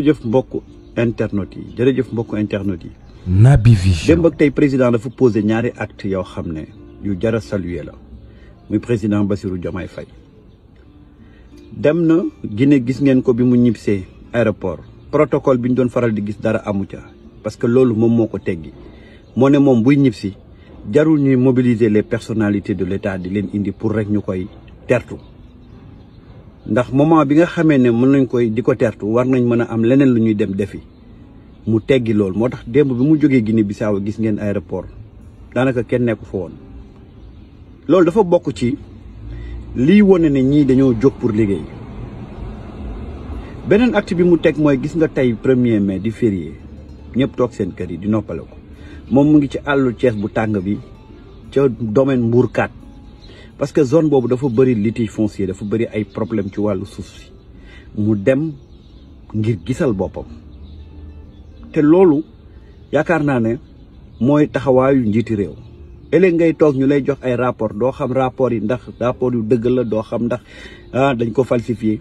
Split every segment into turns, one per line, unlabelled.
jërëjëf mbokk internautes yi jërëjëf mbokk internautes yi. Naby Vision démb ak tey président dafa posé ñaari acte yo xamné yu jar a saluer la muy président Bassirou Diomaye fay dem na Guinée gis ngeen ko bi mu ñibsee aéroport protocole biñ doon faral di gis dara amu ca parce que lolu mom moko téggi moné mom buy ñibsi jarul ñuy mobiliser les personnalités de l'État di leen indi pour rek ñukoy tertu ndax moment bi nga xamé né mën nañ koy di tertu war nañ mëna am leneen luñuy dem defi mu téggi lool motax demb bi mu jógee Guinée Bissau gis ngeen aéroport danaka kenn néku fo won lool dafa bokk ci li woné né ñi dañoo jog pour liggéey benen acte bi mu moy gis nga 1 premier mai di férié ñëpp tok seen kër yi di noppale ko moom mu ngi ci allu Cees bu tang bi ci domaine Mbourkat parce que zone boobu dafa bëri litige foncier dafa bëri ay problème ci wàllu suuf si mu dem ngir gisal boppam te loolu yaakaar naa ne mooy taxawaayu njiiti réew ëllëg ngay toog ñu lay jox ay rapport doo xam rapport yi ndax rapport yu dëgg la doo xam ndax ah dañ ko falsifié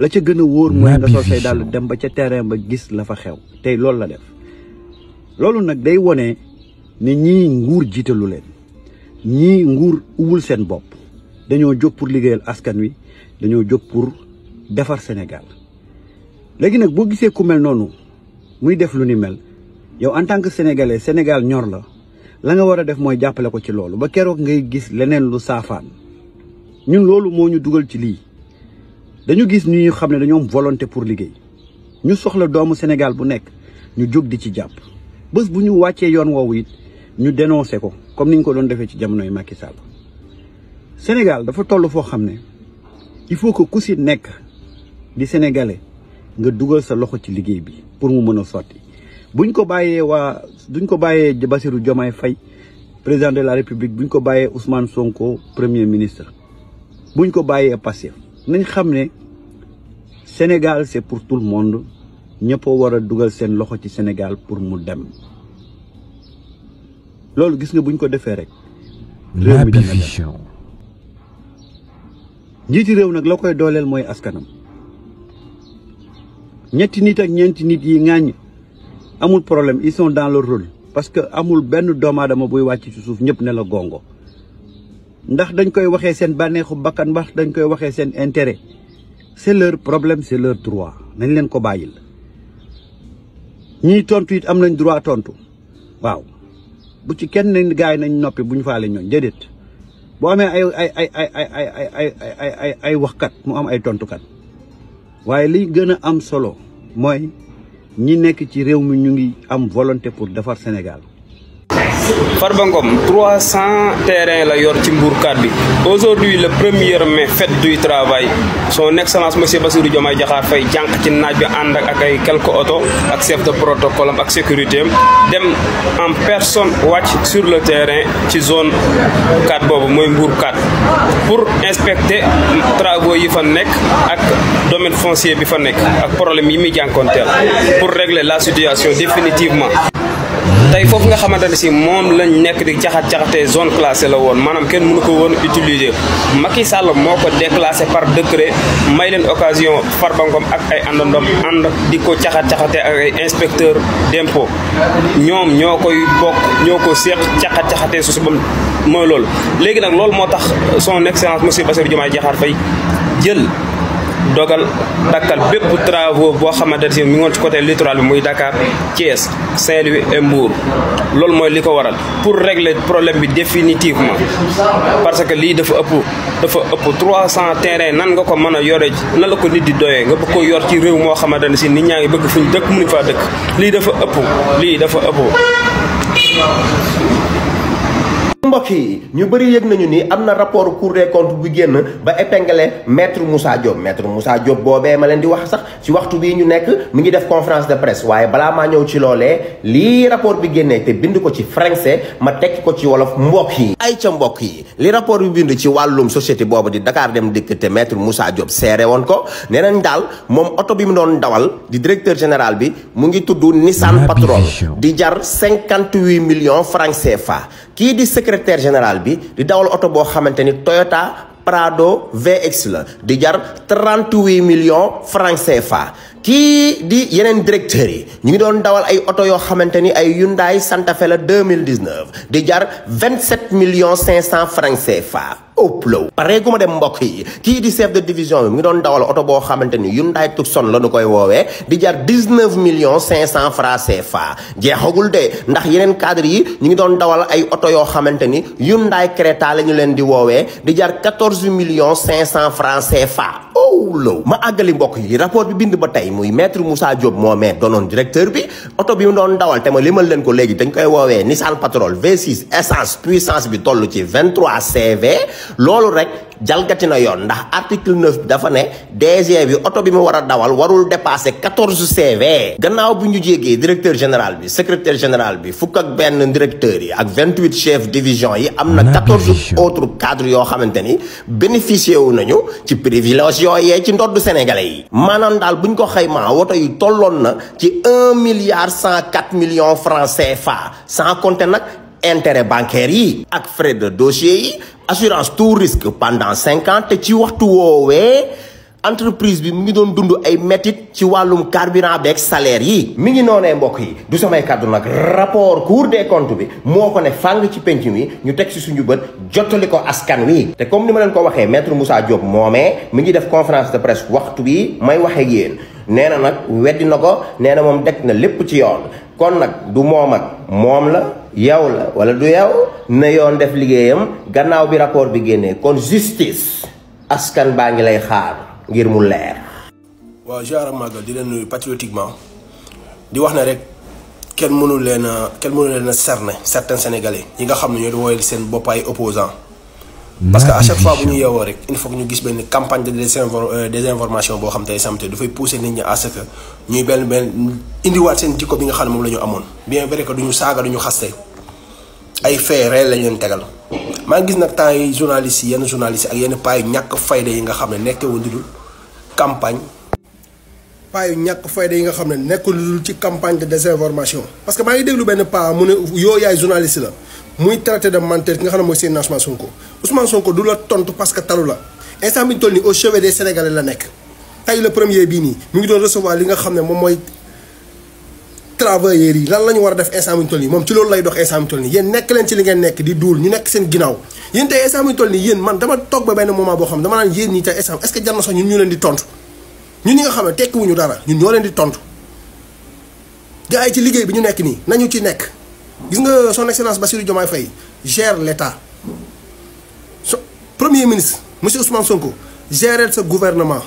la ca gën a wóor mooy nga sol say dem ba ca terrain ba gis la fa xew tey loolu la def loolu nag day wone ne ñii nguur jiitalu leen ñii nguur uwul seen bopp dañoo jóg pour liggéeyal askan wi dañoo jóg pour defar Sénégal léegi nag boo gisee ku mel noonu muy def lu ni mel yow en tant que sénégalais Sénégal ñor la la nga war a def mooy jàppale ko ci loolu ba keroog ngay gis leneen lu saafaan ñun loolu moo ñu dugal ci lii dañu gis ñu xam ne dañoo am pour liggéey ñu soxla doomu Sénégal bu nekk ñu jóg di ci jàpp bés bu ñu wàccee yoon woowu it ñu dénoncé ko comme niñ ko doon défé ci yi Macky Sall Sénégal dafa tollu il faut que les di sénégalais nga dugal sa loxo ci liggéey bi pour mu nous buñ ko président de la République buñ ko Ousmane Sonko premier ministre buñ ko bayé nous nañ xamné Sénégal c'est pour tout le monde ñepp wara le Sénégal pour mu dem loolu gis nga buñ ko defee rek. réew mi vision. ñiti réew nak la koy dolel moy askanam ñetti nit ak ñenti nit yi ngañ amul problème ils sont dans leur rôle parce que amul benn doma aadama buy wacc ci suuf ñep ne la gongo ndax dañ koy waxé sen bànneexu bakkan bax dañ koy waxé sen intérêt c'est leur problème c'est leur droit nañ leen ko bayil ñi tontu it am nañ droit tontu waaw. bu ci kenn gars nañ noppi bu ñu faale ñooñ déedéet boo amee ay ay ay ay ay ay ay ay ay waxkat mu am ay tontukat waaye li gën a am solo mooy ñi nekk ci réew mi ñu ngi am volonté pour defar Sénégal
Farbangom, 300 terrains la yor ci Mbour aujourd'hui le premier mai fête du travail son excellence monsieur Bassirou Diomaye Diakhar Faye jànq ci naaj bi ànd ak ay quelques oto ak chef de protocole ak sécurité dem en personne watch sur le terrain ci zone 4 Bob, mooy Mbour pour inspecter travaux yi fa ak domaine foncier bi fa nekk ak problème yi muy pour régler la situation définitivement tey foofu nga xamante ne si moom lañu nekk di caxat caxatee zone classée la woon maanaam kenn mënu ko woon utiliser Macky Sall moo ko déclassé par décret may leen occasion Farba Ngom ak ay àndandoom ànd di ko caxat jaxate ak ay inspecteur d'impôt ñoom ñoo koy bokk ñoo ko seeq caxat caxatee su subam mooy loolu léegi nag loolu moo tax son excellence monsieur Bassirou Diomaye Diakhar fay jël dogal dakkal bépp travaux boo xamante ne mi ngoon ci côté littoral bi muy Dakar Thiès Saint-Louis et Mbour loolu mooy li ko waral pour régler problème bi définitivement parce que lii dafa ëpp dafa ëpp trois cent terrain nan nga ko mën a yore nan la ko nit di doyee nga bëgg ko yor ci réew moo xamante ne si nit ñaa ngi bëgg fu ñu dëkk mënuñ faa dëkk lii dafa ëpp lii dafa ëpp
mbokk yi ñu bari yegg nañu ni amna rapport cour des comptes bu génn ba épinglé maître Moussa Diop maître Moussa Diop bobé ma leen di wax sax ci waxtu bi ñu nekk mi ngi def conférence de presse waye bala ma ñew ci lolé li rapport bi te bind ko ci français ma tek ko ci wolof mbokk yi ay ca mbokk li rapport bi bind ci walum société bobu di Dakar dem dik té maître Moussa Diop séré won ko nénañ dal mom auto bi mu don dawal di directeur général bi mu ngi tuddu Nissan Patrol di jar 58 millions francs CFA ki di secrétaire directeur général bi di dawal oto bo xamanteni Toyota Prado VX la di jar 38 millions francs CFA ki di yenen directeur yi ñu ngi doon dawal ay oto yo xamanteni ay Hyundai Santa Fe la 2019 di jar 27 millions 500 francs CFA. upload pareegu ma dem mbokk yi kii di chef de division bi mu ngi doon dawal oto boo xamante ni Hyundai Tucson la ñu koy woowee di jar dix-neuf millions cinq cent francs CFA jeexagul de ndax yeneen cadre yi ñu ngi doon dawal ay oto yoo xamante ni Hyundai Creta la ñu leen di woowee di jar quatorze millions cinq cent francs CFA low ma àggali mbokk yi rapport bi bind ba tey muy maître Moussa Diop moomee doonoon directeur bi oto bi mu doon dawal te ma limal leen ko léegi dañ koy woowee Nissan Patrol V6 essence puissance bi toll ci loolu rek jalgati na yoon ndax article 9 dafa ne DG bi oto bi mu war a dawal warul dépasser 14 CV gannaaw bu ñu jéegee directeur général bi secretaire général bi fukk ak benn directeur yi ak 28 chef division yi am na 14 autres cadres yoo xamante ni bénéficié wu nañu ci privilège yee ci ndoddu sénégalais yi maanaam daal bu ñu ko xaymaa woto yi tolloon na ci 1 milliard 104 millions francs CFA sans compter nag intérêt bancaire yi ak frais de dossier yi assurance tout risque pendant cinquante ci waxtu woowee entreprise bi mu ngi doon dund ay métit ci wàllum carburant beeg salaire yi mi ngi noonee mbokk yi du samay kàddu nag rapport cour des comptes bi moo ko ne fàng ci penc mi ñu teg si suñu bët jottali ko askan wi te comme ni ma leen ko waxee maître Moussa Diop moomee mi ngi def conférence de presse waxtu bi may waxee génn nee na nag weddi na ko nee na moom teg na lépp ci yoon kon nag du moom ak moom la yow la wala du yow na yoon def liggéeyam gannaaw bi rapport bi génnee kon justice askan baa ngi lay xaar ngir mu leer.
waaw genre Magal di leen nuyu patriotiquement di wax ne rek kenn mënu leen a kenn mënu leen a cerner certains sénégalais yi nga xam ne ñoo di woyal seen bopp ay opposants
parce que à chaque fois
bu ñu yeewoo rek il faut que ñu gis benn campagne de euh, désinformation boo xam tey samte dafay pousser nit ñi à ce que ñuy benn benn indiwaat seen jikko bi nga xam ne moom la ñu amoon bien vrai que du ñu saaga du ñu xaste ay faits réels lañ leen tegal maa gis nag temps yi journalistes yenn journalistes ak yenn paa yu ñàkk fayda yi nga xam ne nekkee woon dul campagne. paa yu ñàkk fayda nga xam ne nekkul dul ci campagne de désinformation. parce que maa ngi déglu benn paa mu ne yoo yaay journaliste la muy traité de menteur ki nga xam ne mooy seen Ousmane Sonko Ousmane Sonko du la tontu parce que talu la instant bi toll nii au chevet des Sénégalais la nekk. tey le premier bii nii mu ngi doon recevoir li nga xam ne moom mooy travailler yi lan lañu wara def instant mu tolni mom ci lolou lay dox instant mu tolni yeen nek len nekk ci li ngeen nek di dul ñu nek seen ginaaw yeen tay instant mu tolni yeen man dama tok ba ben moment bo xam dama nan yeen ni tay instant est-ce que jar na ñun ñu len di tontu ñun ñi nga xam ne wuñu dara ñun ñoo len di tontu gaay ci liggey bi ñu nekk ni nañu ci nekk gis nga son excellence basirou Diomaye fay gère l'état so premier ministre monsieur Ousmane Sonko gérer ce gouvernement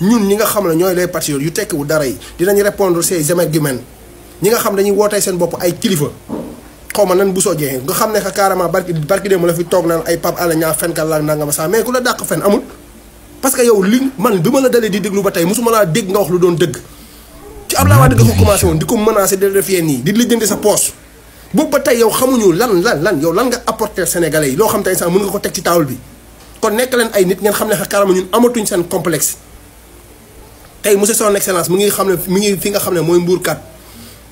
ñun ñi nga xam la ñoy lay patriotes yu tekkiwu dara yi dinañ répondre ces émergumènes ñi nga xam dañuy wootee seen bopp ay kilifa xawma nan bu soo jeexee nga xam ne que carrément barki barki dem la fi toog naan ay Pape Alé Niang fenkat laak nangama saa mais ku la dàq fen amul parce que yow li man bi ma la dalee di déglu ba tey musuma laa dégg nga wax lu doon dëgg ci Abdoulaye Wade nga ko commencé woon di ko menacé di def yenn yi di lijjanti sa poos bu ba tey yow xamuñu lan lan lan yow lan nga apporter sénégalais yi loo xam tey sax mën nga ko teg ci table bi kon nekk leen ay nit ngeen xam ne xa ñun amatuñ seen complexe tey monsieur son excellence mu ngi xam ne mi ngi fi nga xam ne mooy mbuurkat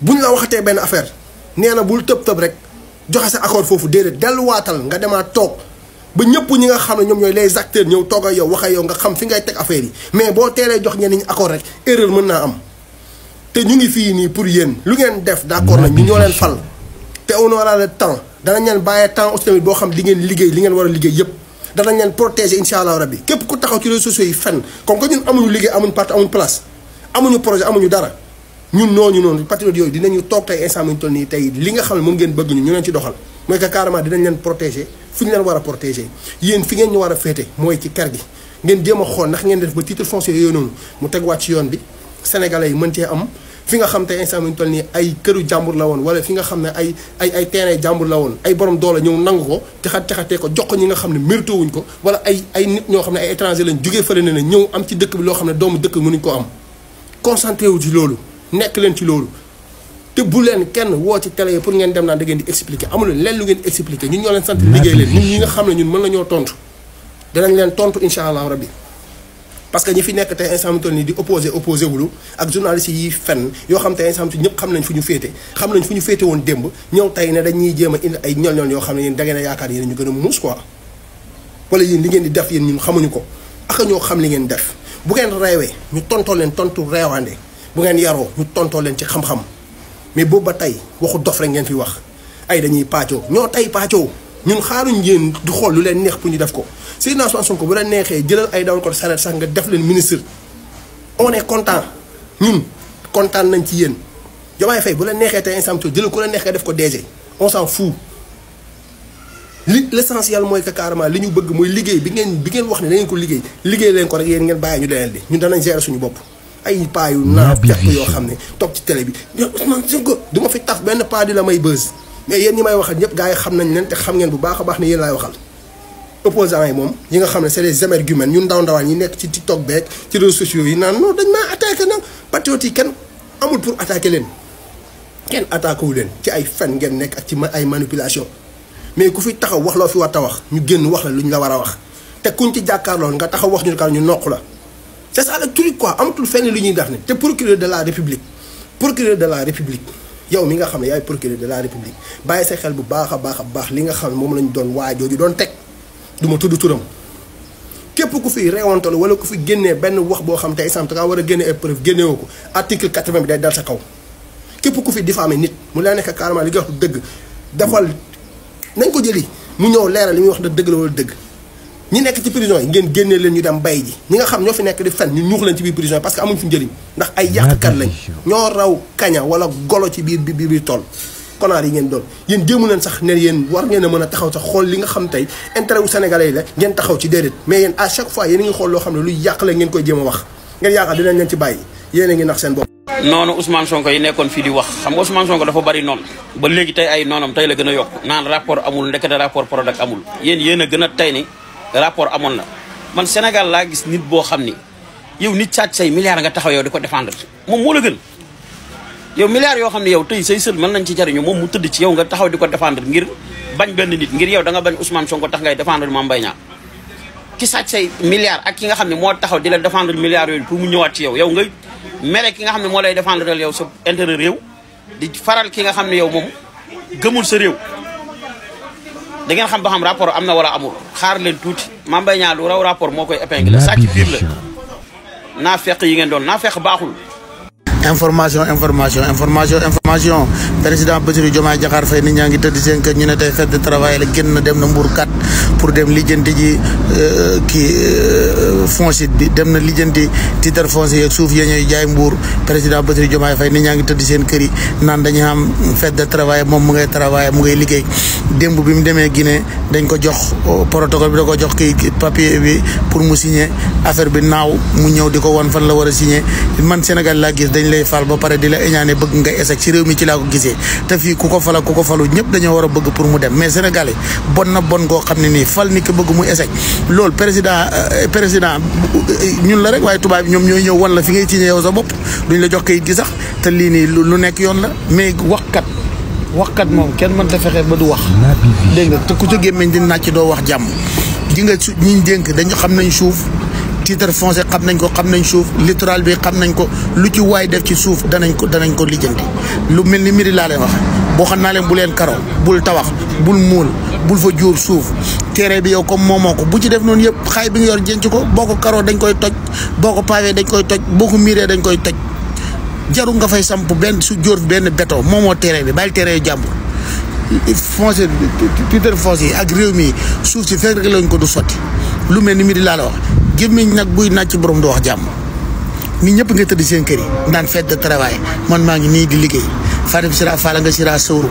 bu buñ la waxatee benn affaire nee bul tëb tëb rek joxe sa accord foofu déedéet delluwaatal nga demaat toog ba ñëpp ñi nga xam ne ñoom ñooy les acteurs ñëw toog ak yow wax ak yow nga xam fi ngay teg affaire yi mais boo teelee jox ñenn ñi accord rek erreur mën naa am te ñu ngi fii nii pour yéen lu ngeen def d'accord nañ ñu ñoo leen fal te on aura le temps danañ leen bàyyee temps aussi boo xam di ngeen liggéey li ngeen war a liggéey yëpp danañ leen protéger incha allah rabbi képp ku taxaw ci réseaux sociaux yi fenn comme que ñun amuñu liggéey amuñu parti amuñu place amuñu amuñu dara ñun ñu noonu patriote yooyu dinañu toog tey instant bu ñu toll nii tey li nga xam ne moom ngeen bëgg ñu ñu leen ci doxal mooy que carrément dinañ leen protéger fi ñu leen war a protéger yéen fi ngeen ñu war a féete mooy ci kër gi ngeen jéem a xool ndax ngeen def ba titre foncier yooyu noonu mu teguwaat ci yoon bi sénégalais yi mën cee am fi nga xam tey instant bu ñu toll nii ay këru jàmbur la woon wala fi nga xam ne ay ay ay terrain la woon ay borom doole ñëw nangu ko caxat caxatee ko jox ko ñi nga xam ne mérité wuñ ko wala ay ay nit ñoo xam ne ay lañ jugee fële ne ne ñëw am ci dëkk bi loo xam ne doomu dëkk mënuñ ko am concentré wu ci loolu nekk leen ci loolu te bu leen kenn woo ci télé yi pour ngeen dem naa da ngeen di expliquer amul leen lu ngeen expliquer ñun ñoo leen sant liggéey leen ñun ñi nga xam ne ñun mën nañoo tontu danañ leen tontu incha allah rabbi ñi fi nekk tey instant toll nii di opposé opposé wulu ak journaliste yi fenn yoo xam tey ñëpp xam nañ fu ñu féete xam nañ fu ñu féete woon démb ñëw tey ne dañuy jéem a indi ay ñol yoo xam ne yéen da ngeen a yaakaar yéen ñu gën a muus quoi wala li ngeen di def yéen ñun xamuñu ko ak ñoo xam li ngeen def bu ngeen reewee ñu tontoo leen tontu reewaande bu ngeen yaroo ñu tontoo leen ci xam-xam mais boobu ba tey waxu dof rek ngeen fi wax ay dañuy paacoo ñoo tey paacoo ñun xaaruñ ngeen du xool lu leen neex pour ñu def ko Seydina Ousmane Sonko bu la neexee jëlal ay dawal ko sareet sax nga def leen ministre on est content ñun kontaan nañ ci yéen Diomaye Faye bu la neexee tey instant jëlal ku la neexee def ko DG on s'en fout li l'essentiel mooy que li ñu bëgg mooy liggéey bi ngeen bi ngeen wax ne da ngeen ko liggéey liggéey leen ko rek yéen ngeen ñu leneen li ñun suñu bopp ay paa yu naa jàpp yoo xam ne toog ci télé bi Ousmane ma fi tax benn paa di la may bës mais yéen ñi may waxal ñëpp gars yi xam nañ leen te xam ngeen bu baax a baax ne yéen laay waxal opposants yi moom yi nga xam ne c'est des émergumènes ñun ndaw ndawaan yi nekk ci TikTok beeg ci réseaux sociaux yi naan non dañ maa attaqué nag patriotes yi kenn amul pour attaquer leen kenn attaqué wu leen ci ay fen ngeen nekk ak ci ay manipulation mais ku fi taxaw wax loo fi war a wax ñu génn wax la lu ñu la war a wax te kuñ ci jàkkaarloo nga taxaw wax ñu ka ñu noq la c'est ça le truc quoi amatul fenn lu ñuy def ne te procureur de la république procureur de la république yow mi nga xam ne yaay procureur de la république bàyyi sa xel bu baax a baax a baax li nga xam ne moom lañ doon waa jooju doon teg du ma tudd turam képp ku fi rewantal wala ku fi génnee benn wax boo xam te exemple da ngaa war a génne ay preuve génnewoo ko article 80 bi day dal sa kaw képp ku fi diffamé nit mu la nekk carrément li nga wax dëgg defal nañ ko jëli mu ñëw leeral li muy wax dëgg la wala dëgg ñi nekk ci prison yi ngeen génne leen ñu dem bay ji ñi nga xam ñoo fi nekk di fen ñu ñuux leen ci biir prison yi parce que amuñ fi njëriñ ndax ay yàqkat lañ ñoo raw kaña wala golo ci biir bi biir tool konaar yi ngeen doon yéen jéemu leen sax ne yéen war ngeen a mën a taxaw sax xool li nga xam tey intérêt wu sénégalais yi la ngeen taxaw ci déedéet mais yéen à chaque fois yéen a ngi xool loo xam ne luy yàq la ngeen koy jéem a wax ngeen yaakaar dinañ leen ci bàyyi yéen a ngi nax
yi nekkoon fii di xam nga Ousmane Sonko dafa bari noonu ba léegi tey ay noonam tey la gën a yokk naan rapport amul ndekete rapport Prodac amul yéen yéen a gën a tey ni rapport amoon na man Sénégal laa gis nit boo xam ni yow nit càcc say milliards nga taxaw yow di ko défendre moom moo la gën yow milliards yoo xam ne yow tey say sël mën nañ ci jariñu moom mu tëdd ci yow nga taxaw di ko défendre ngir bañ benn nit ngir yow da nga bañ Ousmane Sonko tax ngay défendre Mame Mbaye Niang ki sàcc say milliards ak ki nga xam ne moo taxaw di la défendre milliards yooyu pour mu ñëwaat ci yow yow ngay mere ki nga xam ne moo lay défendre yow sa intere réew di faral ki nga xam ne yow moom gëmul sa réew da ngeen xam ba xam rapport amna wala amul xaar leen tuuti Mame Mbaye Niang lu raw rapport moo koy épinglé. sàcc biir la naa fekk yi ngeen doon naa fekk baaxul.
information information information information président Bassirou jomay Diakhar fay nit ñangi teud seen kër ñu ne tay fête de travail genn dem na kat pour dem lijjanti ji euh, ki euh, fonci bi dem na lijjanti titer fonci ak souf ya ñoy jaay mbuur président Bassirou jomay fay nit ñangi teud seen keri nan dañu am fête de travail mom mu ngay travail mu ngay liggey dembu bi mu demee guiné dañ ko jox euh, protocole bi da ko jox ki papier bi pour mu signer affaire bi naw mu ñew diko won wan fan la wara signer man Sénégal la gis dañ lay fal ba pare di la éñaane bëgg nga échec ci réew mi ci laa ko gisee te fii ku ko fala ku ko falu ñëpp dañoo war a bëgg pour mu dem mais sénégalais bon na bon goo xam ne nii fal ni ki bëgg mu échec loolu président euh, ñun la rek waaye tubaab bi ñoom ñooy ñëw wan la fi ngay ci yow sa bopp duñ la jox kayit gi sax te lii nii lu nekk yoon la mais wax kat moom kenn mën ta fexe ba du wax dégg nga te ku ca gémmiñ di nàcc doo wax jàmm ji nga ñuñ dénk dañu xam nañ titre foncier xam nañ ko xam nañ suuf littoral bi xam nañ ko lu ci waay def ci suuf danañ ko danañ ko lijjanti lu mel ni mbiri laa wax boo xam naa leen bu leen karo bul tawax bul muul bul fa juur suuf terrain bi yow comme moomoo ko bu ci def noonu yëpp xaay bi nga yor jënc ko boo ko karoo dañ koy toj boo ko paawee dañ koy toj boo ko miiree koy toj jaru nga fay samp benn su jóor benn béton moomoo terrain bi bàyyi terrain yu jàmbur foncier titre foncier yi ak réew mi suuf si lañ ko du sotti lu mel ni mi di laa la wax Give nak buy nacc borom do wax jam ni ñepp nga tëdd seen kër yi naan fête de travail man ma ngi ni di liggéey farim sira fala nga sira souru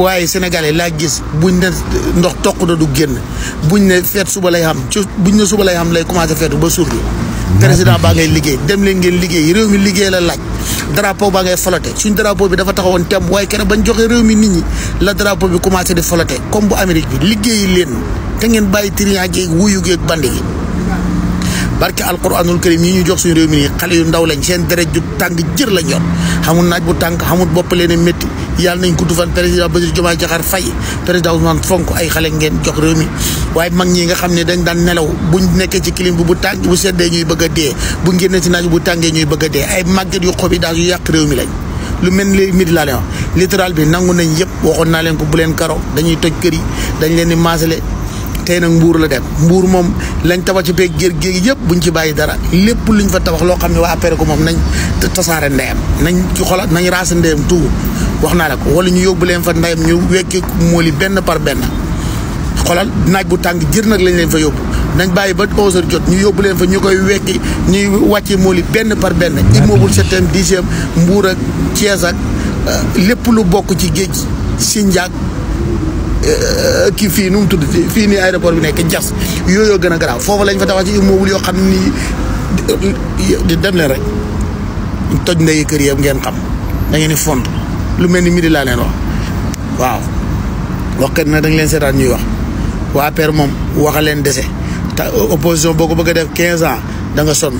waye sénégalais la gis buñ ne ndox tok do du genn buñ ne feet suba lay xam buñ ne suba lay xam lay commencé ba souru président ba ngay liggéey dem leen ngeen liggéey rew mi liggéey la laaj drapeau ba ngay floté suñ drapeau bi dafa taxawon tem way kenn bañ joxee rew mi nit ñi la drapeau bi commencé di floté comme bu amérique bi liggéey leen ngeen bayyi ak wuyu ak bandi barke alquranul karim yi ñu jox suñu réew mi nii xale yu ndaw lañ seen deret ju tàng jër lañ yor xamul naaj bu tàng xamul bopp leen métti yàlla nañ gudd fan président Bassirou Diomaye Diakhar Faye président Ousmane Sonko ay xale ngeen jox réew mi waaye mag ñi nga xam ne dañ daan nelaw buñ nekkee ci kilim bi bu tàng bu seddee ñuy bëgg a dee bu génnee ci naaj bu tàngee ñuy bëgg dee ay màgget yu xob yi daal yu yàq réew mi lañ lu mel ni midi laa leen wax ah littoral bi nangu nañ yëpp waxoon naa leen ko bu leen karo dañuy toj kër yi dañ leen di maasale tey nag mbuur la dem mbuur moom lañ tabax ci peeg géej géej yëpp buñ ci bàyyi dara lépp luñ fa tabax loo xam ne waa APR ko moom nañ tasaare ndeyam nañ ci xolaat nañ raase ndeyam tuubu wax naa la ko wala ñu yóbbu leen fa ndeyam ñu wekki mool yi benn par benn xolal naaj bu tàng jër nag lañ leen fa yóbbu nañ bàyyi ba 11 jot ñu yóbbu leen fa ñu koy wekki ñuy wàcce mool yi benn par benn immeuble septième dixième mbuur ak Thiès ak euh, lépp lu bokk ci géej Sindiak Euh, kii fii nu mu tudd fii nii aéroport bi nekk jas yooyu gën a garaaw foofu lañ fa taxaw ci immeuble yoo xam ni di dem leen rek toj ndeyu kër yëpp ngeen xam da ngeen di font lu mel ni midi laa leen wax waaw waxkat na da nga leen seetaan ñuy wax waa per moom waxa leen dese te opposition boo ko bëgg a def quinze ans da nga sonn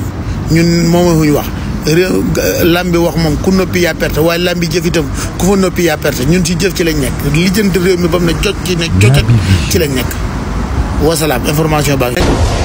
ñun moom la ñu wax. réew lam wax moom ku noppi yaa perte waaye lam bi jëf itam ku fa noppi yaa perte ñun ci jëf ci lañ nekk lijjanti réew mi ba na ne ci ne jot ci lañ nekk wasalaam information baa ngi